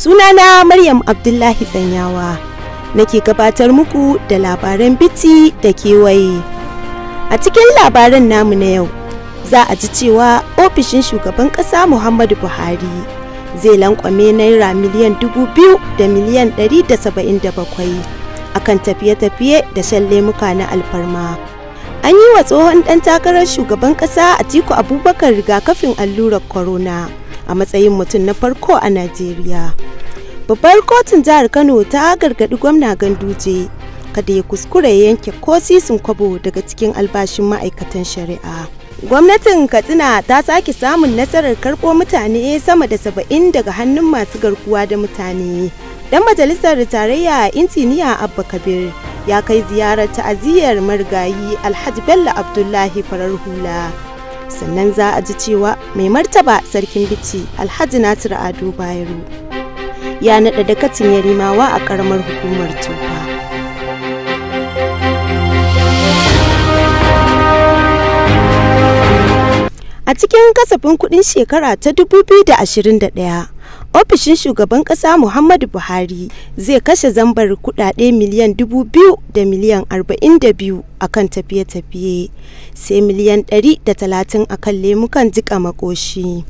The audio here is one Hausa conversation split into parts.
Sunana Maryam Abdullahi Tsanyawa nake gabatar muku da labaran biti da kewaye. A cikin labaran namu na yau za a ji cewa ofishin shugaban ƙasa Muhammadu Buhari zai lankwame naira miliyan dubu biyu da miliyan ɗari da saba'in da bakwai akan tafiye-tafiye da shan lemuka na alfarma. An yi wa tsohon ɗan takarar shugaban ƙasa a tiku Abubakar rigakafin allurar corona. a matsayin mutum na farko a Najeriya. babbar kotun jihar kano ta gargaɗi gwamna ganduje kada ya kuskure yanke ko sisin kwabo daga cikin albashin ma'aikatan shari'a gwamnatin katsina ta sake samun nasarar karɓo mutane sama da saba'in daga hannun masu garkuwa da mutane dan majalisar tarayya injiniya abba kabir ya kai ziyarar ta'aziyyar marigayi alhaji bello abdullahi farar hula sannan za a ji cewa mai martaba sarkin bici alhaji nasiru ado bayero ya naɗa da katin yarimawa a karamar hukumar tufa. A cikin kasafin kudin shekara ta 2021, ofishin shugaban kasa muhammadu buhari zai kashe zambar kudade miliyan 2,000 da miliyan arba'in da a tafiye-tafiye sai miliyan 130 da a kan lemukan jika makoshi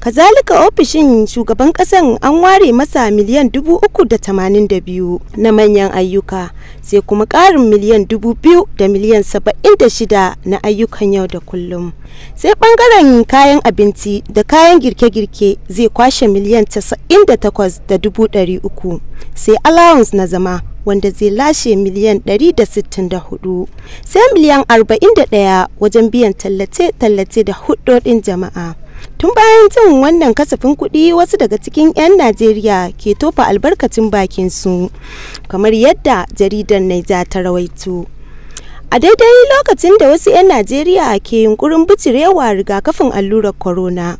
kazalika ofishin shugaban kasan an ware masa miliyan dubu uku da tamanin da biyu na manyan ayyuka sai kuma karin miliyan dubu biyu da miliyan saba'in da shida na ayyukan yau da kullum sai bangaren kayan abinci da kayan girke-girke zai kwashe miliyan casa'in da takwas da dubu ɗari uku sai allowance na zama wanda zai lashe miliyan 164 sai miliyan 41 wajen biyan tallace-tallace da hudodin jama'a tun bayan jin wannan kasafin kuɗi wasu daga cikin 'yan najeriya ke tofa albarkacin bakin su kamar yadda jaridar naija ta rawaito a daidai lokacin da wasu 'yan najeriya ke yunkurin bucirewa rigakafin allurar corona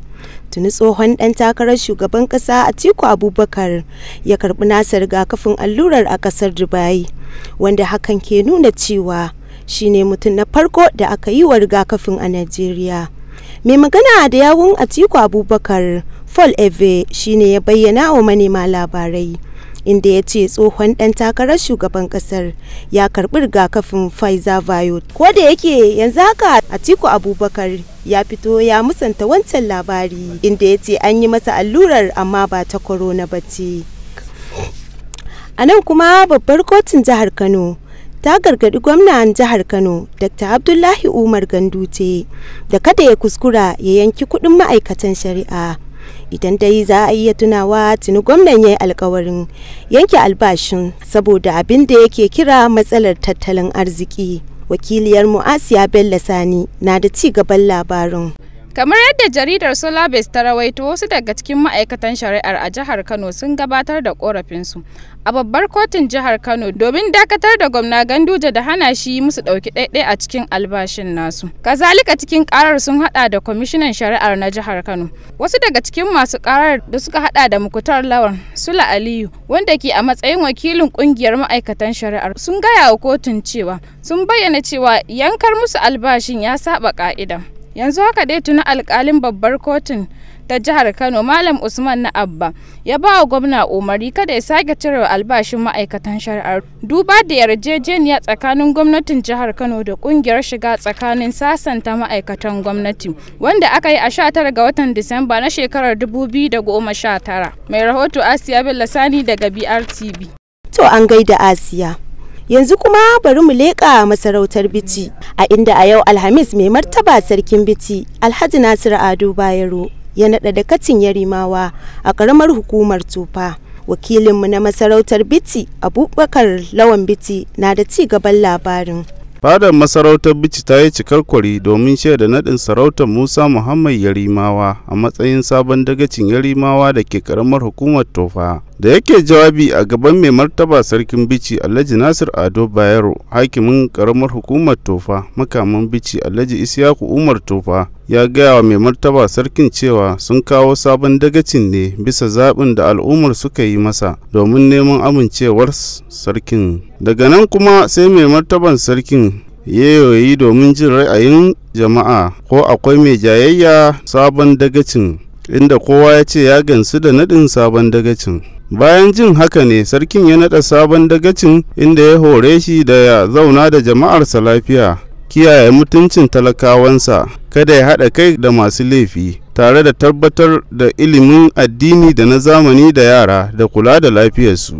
tuni tsohon ɗan takarar shugaban kasa tiku abubakar ya karɓi nasa rigakafin allurar a ƙasar dubai wanda hakan ke nuna cewa shine mutum na farko da aka yi wa rigakafin a najeriya mai magana da yawun atiku abubakar fall eve shine ya bayyana wa manema labarai inda ya ce tsohon ɗan takarar shugaban ƙasar ya karbi rigakafin pfizer ko da yake yanzu haka atiku abubakar ya fito ya musanta wancan labari inda ya ce an yi masa allurar amma ba ta korona ba ce a nan kuma babbar kotun jihar kano ta gargaɗi gwamnan jihar Kano Dr. Abdullahi Umar ce da kada ya kuskura ya yanki kudin ma'aikatan shari'a. Idan dai za a iya tunawa tuni gwamnan ya yi alkawarin yanke albashin saboda abin da yake kira matsalar tattalin arziki. Wakiliyar Mu'asiya Bello Sani na da ci gaban labarin. Kamar yadda jaridar Solabes ta rawaito wasu daga cikin ma'aikatan shari'ar a jihar Kano sun gabatar da korafinsu a babbar kotun jihar Kano domin dakatar da gwamna Ganduje da hana shi musu ɗauki ɗaiɗai a cikin albashin nasu. Kazalika cikin karar sun hada da kwamishinan shari'ar na jihar Kano. Wasu daga cikin masu karar da suka hada da Mukutar Lawan Sula Aliyu wanda ke a matsayin wakilin kungiyar ma'aikatan shari'ar sun gaya wa kotun cewa sun bayyana cewa yankar musu albashin ya saba ka'ida. yanzu haka dai tuni alkalin babbar kotun ta jihar kano malam usman na abba ya ba wa gwamna umari kada ya sake cire albashin ma'aikatan shari'ar duba da yarjejeniya tsakanin gwamnatin jihar kano da kungiyar shiga tsakanin sasanta ma'aikatan gwamnati wanda aka yi a 19 ga watan disamba na shekarar 2019 mai rahoto asiya bello sani daga brtv to an gaida asiya yanzu kuma bari mu leƙa masarautar biti a inda a yau alhamis mai martaba sarkin biti alhaji nasir ado bayero ya naɗa da katin yarimawa a ƙaramar hukumar tufa wakilinmu na masarautar biti abubakar lawan biti na da ci gaban labarin fadar masarautar bici ta yi cikar kwari domin shaida naɗin sarautar musa muhammad yarimawa a matsayin sabon dagacin yarimawa da ke karamar hukumar tofa da yake jawabi a gaban mai martaba sarkin bici alhaji nasir ado bayero hakimin karamar hukumar tofa makaman bici alhaji isiyaku umar tofa ya gaya wa mai martaba sarkin cewa sun kawo sabon dagacin ne bisa zaɓin da al'ummar suka yi masa domin neman amincewar sarkin daga nan kuma sai mai martaban sarkin yayoyi domin jin ra'ayin jama'a ko akwai mai jayayya sabon dagacin inda kowa ya ce ya gansu da naɗin sabon dagacin bayan jin haka ne sarkin ya naɗa sabon dagacin inda ya hore shi da ya zauna da jama'arsa lafiya kiyaye mutuncin talakawansa kada ya haɗa kai da masu laifi tare da tabbatar da ilimin addini da na zamani da yara da kula da lafiyarsu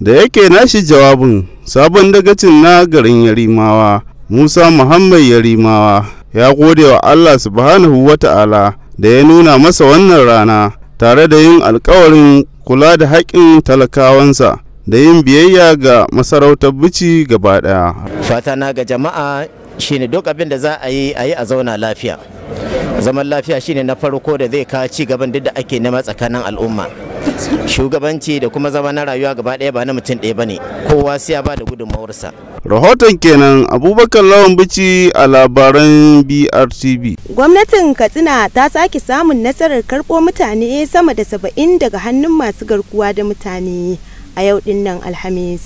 da yake nashi jawabin sabon dagacin na garin yarimawa musa muhammad yarimawa ya gode wa allah subhanahu wata'ala da ya nuna masa wannan rana tare da yin alkawarin kula da haƙƙin talakawansa da yin biyayya ga masarautar bici gaba ɗaya. fata na ga jama'a shine duk abin da za a yi a yi a zauna lafiya zaman lafiya shine na farko da zai kawo ci gaban duk da ake nema tsakanin al'umma shugabanci da kuma zama na rayuwa gaba ɗaya ba na mutum ɗaya ba ne kowa siya ba da gudunmawarsa rahoton kenan abubakar lawan bici a labaran brtv gwamnatin katsina ta sake samun nasarar karɓo mutane sama da saba'in daga hannun masu garkuwa da mutane a yau ɗin nan alhamis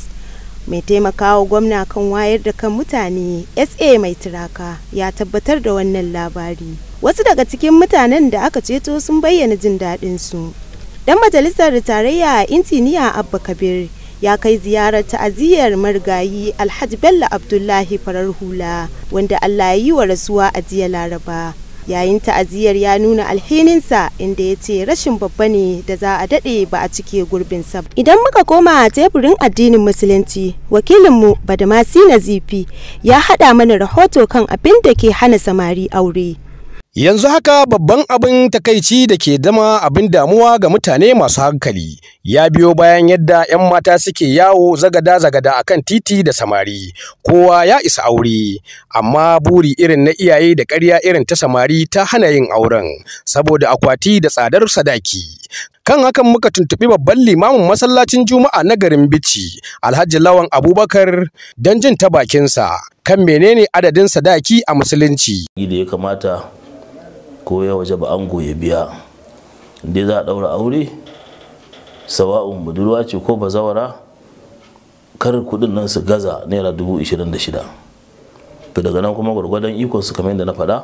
mai taimakawa gwamna kan wayar da kan mutane sa mai turaka ya tabbatar da wannan labari wasu daga cikin mutanen da aka ceto sun bayyana jin daɗinsu Dan majalisar tarayya a Intiniya Abba Kabir ya kai ziyarar ta'aziyyar marigayi Alhaji Bello Abdullahi farar hula wanda Allah ya yi wa rasuwa a jiya Laraba. Yayin ta'aziyyar ya nuna alhininsa inda ya ce rashin babba ne da za a daɗe ba a cike gurbinsa. Idan muka koma teburin addinin Musulunci, wakilinmu Badamasi Nazifi ya haɗa mana rahoto kan abin da ke hana samari aure. Yanzu haka babban abin takaici da ke dama abin damuwa ga mutane masu hankali ya biyo bayan yadda 'yan mata suke yawo zagada-zagada a kan titi da samari, kowa ya isa aure, amma buri irin na iyaye da ƙarya irin ta samari ta hana yin auren, saboda akwati da tsadar sadaki. kan hakan muka tuntuɓi babban limamin masallacin juma'a na garin bici alhaji lawan abubakar don jin ta bakinsa kan menene adadin sadaki a musulunci ya kamata Koya waje ba ango ya biya inda za a ɗaura aure sawa'un budurwa ce ko bazawara kar kudin nan su gaza naira dubu ishirin da shida to daga nan kuma gwargwadon ikon su kamar yadda na faɗa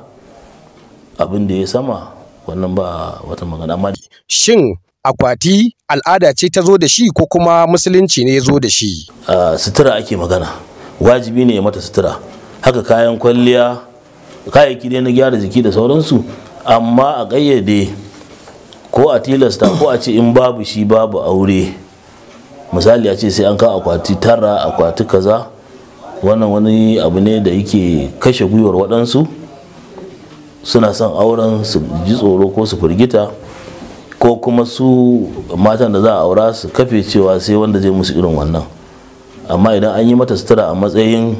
abin da ya sama wannan ba wata magana amma shin akwati al'ada ce ta zo da shi ko kuma musulunci ne ya zo da shi sutura ake magana wajibi ne ya mata sutura haka kayan kwalliya kayayyaki ne na gyara jiki da sauransu amma a gayyade ko a tilasta ko a ce in babu shi babu aure misali a ce sai an kawo akwati tara akwati kaza wannan wani abu ne da yake kashe gwiwar waɗansu suna son auren su ji tsoro ko su firgita ko kuma su matan da za a aura su kafe cewa sai wanda zai musu irin wannan amma idan an yi mata sutura a matsayin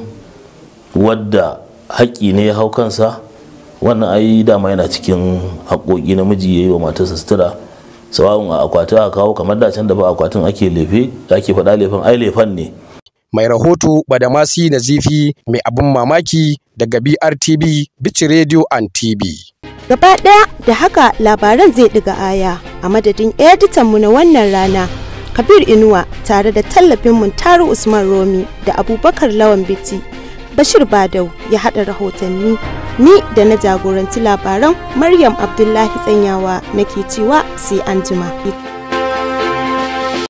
wadda haƙƙi ne ya hau kansa wannan ai dama yana cikin haƙoƙi namiji ya yi wa matarsa sutura sawa'un a akwatin a kawo kamar da can da ba akwatin ake lefe ake faɗa lefen ai lefen ne mai rahoto badamasi nazifi mai abin mamaki daga brtb bici radio and tv gaba ɗaya da haka labaran zai ɗiga aya a madadin editanmu na wannan rana kabir inuwa tare da tallafinmu taru usman romi da abubakar lawan biti bashir badau ya haɗa rahotanni ni da na jagoranci labaran maryam abdullahi tsanyawa nake cewa sai an jima.